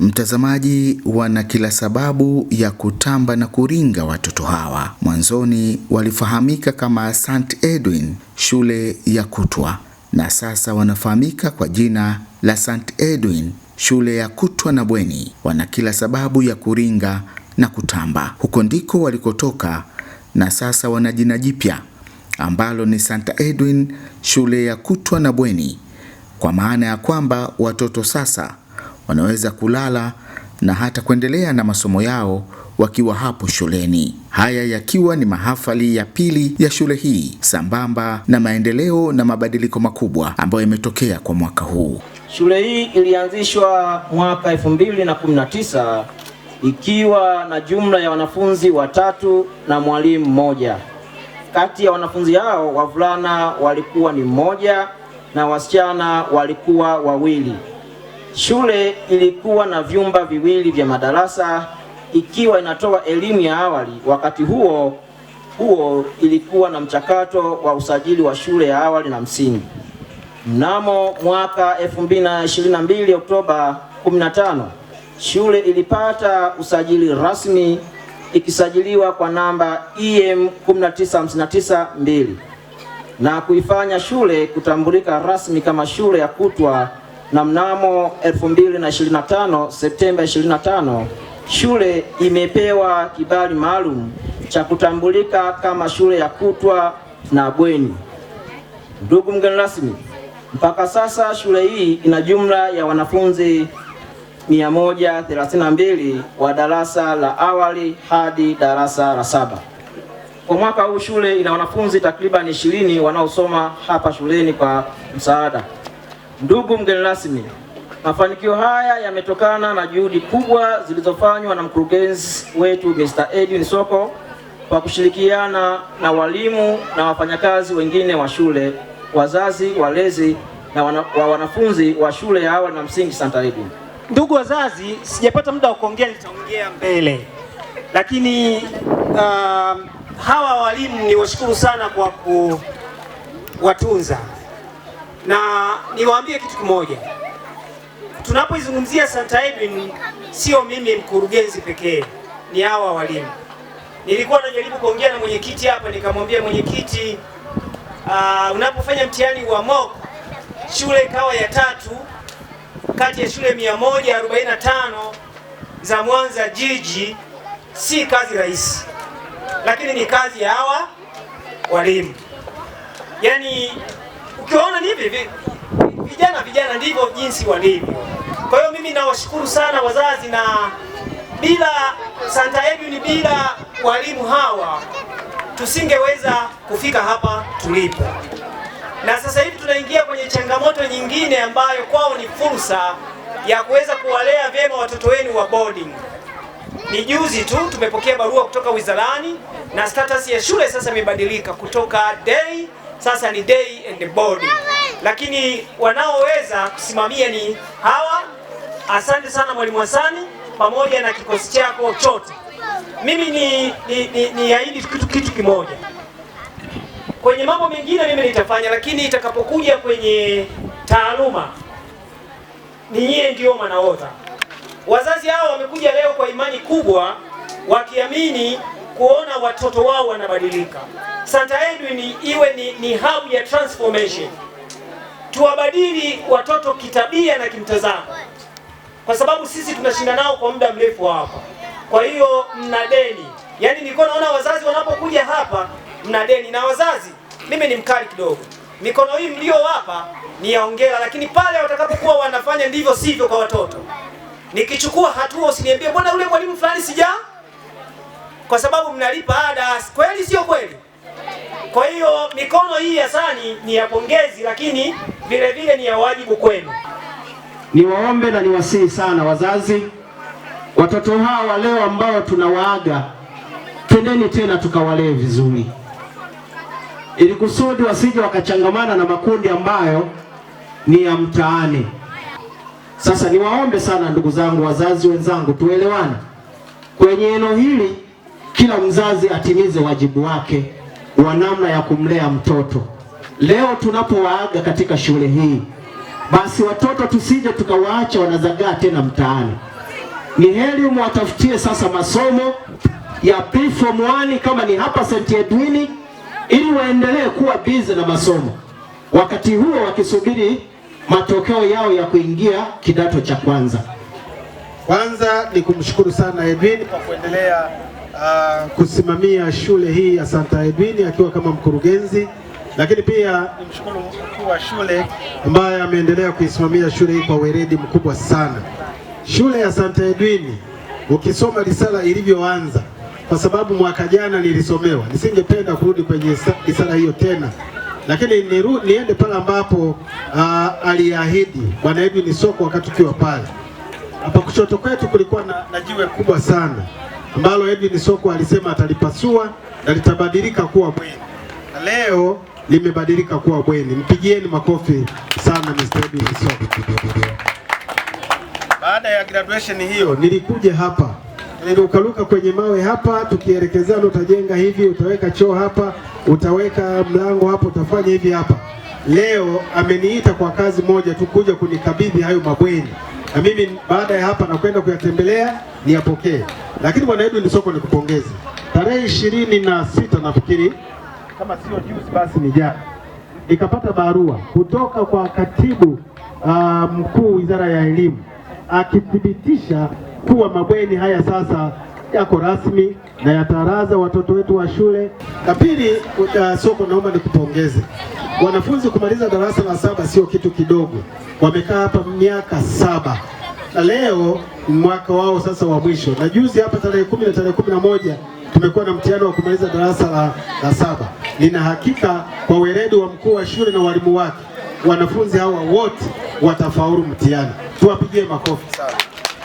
Mtazamaji, wana kila sababu ya kutamba na kuringa watoto hawa. Mwanzoni walifahamika kama St Edwin, shule ya kutwa, na sasa wanafahamika kwa jina la St Edwin, shule ya kutwa na bweni. Wana kila sababu ya kuringa na kutamba. Huko ndiko walikotoka na sasa wana jina jipya ambalo ni St Edwin, shule ya kutwa na bweni, kwa maana ya kwamba watoto sasa wanaweza kulala na hata kuendelea na masomo yao wakiwa hapo shuleni. Haya yakiwa ni mahafali ya pili ya shule hii sambamba na maendeleo na mabadiliko makubwa ambayo yametokea kwa mwaka huu. Shule hii ilianzishwa mwaka 2019 ikiwa na jumla ya wanafunzi watatu na mwalimu mmoja. Kati ya wanafunzi hao wavulana walikuwa ni mmoja na wasichana walikuwa wawili. Shule ilikuwa na vyumba viwili vya madarasa ikiwa inatoa elimu ya awali. Wakati huo huo ilikuwa na mchakato wa usajili wa shule ya awali na msingi. Mnamo mwaka 2022 Oktoba 15, shule ilipata usajili rasmi ikisajiliwa kwa namba EM 19592 na kuifanya shule kutambulika rasmi kama shule ya kutwa na mnamo 2025 Septemba 25 shule imepewa kibali maalum cha kutambulika kama shule ya kutwa na bweni. Ndugu mgeni rasmi, mpaka sasa shule hii ina jumla ya wanafunzi 132 wa darasa la awali hadi darasa la saba. Kwa mwaka huu shule ina wanafunzi takribani 20 wanaosoma hapa shuleni kwa msaada Ndugu mgeni rasmi, mafanikio haya yametokana na juhudi kubwa zilizofanywa na mkurugenzi wetu Mr. Edwin Soko kwa kushirikiana na walimu na wafanyakazi wengine wa shule, wazazi, walezi na wana, wa wanafunzi wa shule ya awali na msingi Santa Edwin. Ndugu wazazi, sijapata muda wa kuongea, nitaongea mbele, lakini uh, hawa walimu ni washukuru sana kwa kuwatunza na niwaambie kitu kimoja, tunapoizungumzia St. Edwin sio mimi mkurugenzi pekee, ni hawa walimu. Nilikuwa najaribu kuongea na mwenyekiti hapa, nikamwambia mwenyekiti, uh, unapofanya mtihani wa mock shule ikawa ya tatu kati ya shule 145 za Mwanza jiji, si kazi rahisi, lakini ni kazi ya hawa walimu yaani Ukiwaona ni hivi vijana vijana, ndivyo jinsi walivyo. Kwa hiyo mimi nawashukuru sana wazazi, na bila Santa Edwin, bila walimu hawa tusingeweza kufika hapa tulipo, na sasa hivi tunaingia kwenye changamoto nyingine ambayo kwao ni fursa ya kuweza kuwalea vyema watoto wenu wa boarding. Ni juzi tu tumepokea barua kutoka wizarani na status ya shule sasa imebadilika kutoka day sasa ni day and board, lakini wanaoweza kusimamia ni hawa. Asante sana mwalimu Hasani pamoja na kikosi chako chote. Mimi ni, ni, ni, ni kitu, kitu kimoja. Kwenye mambo mengine mimi nitafanya, lakini itakapokuja kwenye taaluma ni nyie ndio manaodha. Wazazi hao wamekuja leo kwa imani kubwa wakiamini kuona watoto wao wanabadilika. Santa Edwin iwe ni, ni hub ya transformation, tuwabadili watoto kitabia na kimtazamo, kwa sababu sisi tunashinda nao kwa muda mrefu hapa. Kwa hiyo mna deni, yaani nilikuwa naona wazazi wanapokuja hapa mna deni na wazazi. Mimi ni mkali kidogo, mikono hii mliowapa ni yaongera lakini pale watakapokuwa wanafanya ndivyo sivyo kwa watoto, nikichukua hatua usiniambie mbona yule mwalimu fulani sija kwa sababu mnalipa ada, kweli sio kweli? Kwa hiyo mikono hii ya sani ni ya pongezi, lakini vile vile ni ya wajibu kwenu. Niwaombe na niwasihi sana wazazi, watoto hawa leo ambao tunawaaga, twendeni tena tukawalee vizuri, ili kusudi wasije wakachangamana na makundi ambayo ni ya mtaani. Sasa niwaombe sana ndugu zangu, wazazi wenzangu, tuelewane kwenye eneo hili kila mzazi atimize wajibu wake wa namna ya kumlea mtoto. Leo tunapowaaga katika shule hii, basi watoto tusije tukawaacha wanazagaa tena mtaani. Ni heri umwatafutie sasa masomo ya P form 1 kama ni hapa St. Edwini, ili waendelee kuwa bize na masomo, wakati huo wakisubiri matokeo yao ya kuingia kidato cha kwanza. Kwanza ni kumshukuru sana Edwin kwa kuendelea uh, kusimamia shule hii ya Santa Edwini akiwa kama mkurugenzi, lakini pia nimshukuru mkuu wa shule ambaye ameendelea kuisimamia shule hii kwa weledi mkubwa sana. Shule ya Santa Edwini ukisoma risala ilivyoanza, kwa sababu mwaka jana nilisomewa, nisingependa kurudi kwenye risala hiyo tena, lakini niru, niende pale ambapo uh, aliahidi Bwana Edwin Soko wakati ukiwa pale hapa kushoto kwetu kulikuwa na, na jiwe kubwa sana ambalo Edwin Soko alisema atalipasua na litabadilika kuwa bweni, na leo limebadilika kuwa bweni. Mpigieni makofi sana Mr. Edwin Soko. Baada ya graduation hiyo nilikuja hapa nilirukaruka kwenye mawe hapa, tukielekezana, utajenga hivi, utaweka choo hapa, utaweka mlango hapa, utafanya hivi hapa. Leo ameniita kwa kazi moja tu, kuja kunikabidhi hayo mabweni na mimi baada ya hapa nakwenda kuyatembelea niyapokee. Lakini bwana Edwin Soko, nikupongeze tarehe ishirini na sita nafikiri kama sio juzi, basi ni jana, nikapata barua kutoka kwa katibu uh, mkuu wizara ya elimu akithibitisha kuwa mabweni haya sasa yako rasmi na yataraza watoto wetu wa shule. Na pili, ah, Soko, naomba nikupongeze. Wanafunzi kumaliza darasa la saba sio kitu kidogo, wamekaa hapa miaka saba na leo mwaka wao sasa wa mwisho. Na juzi hapa tarehe kumi na tarehe kumi na moja tumekuwa na mtihani wa kumaliza darasa la, la saba. Nina hakika kwa weledi wa mkuu wa shule na walimu wake wanafunzi hawa wote watafaulu mtihani. Tuwapigie makofi sana.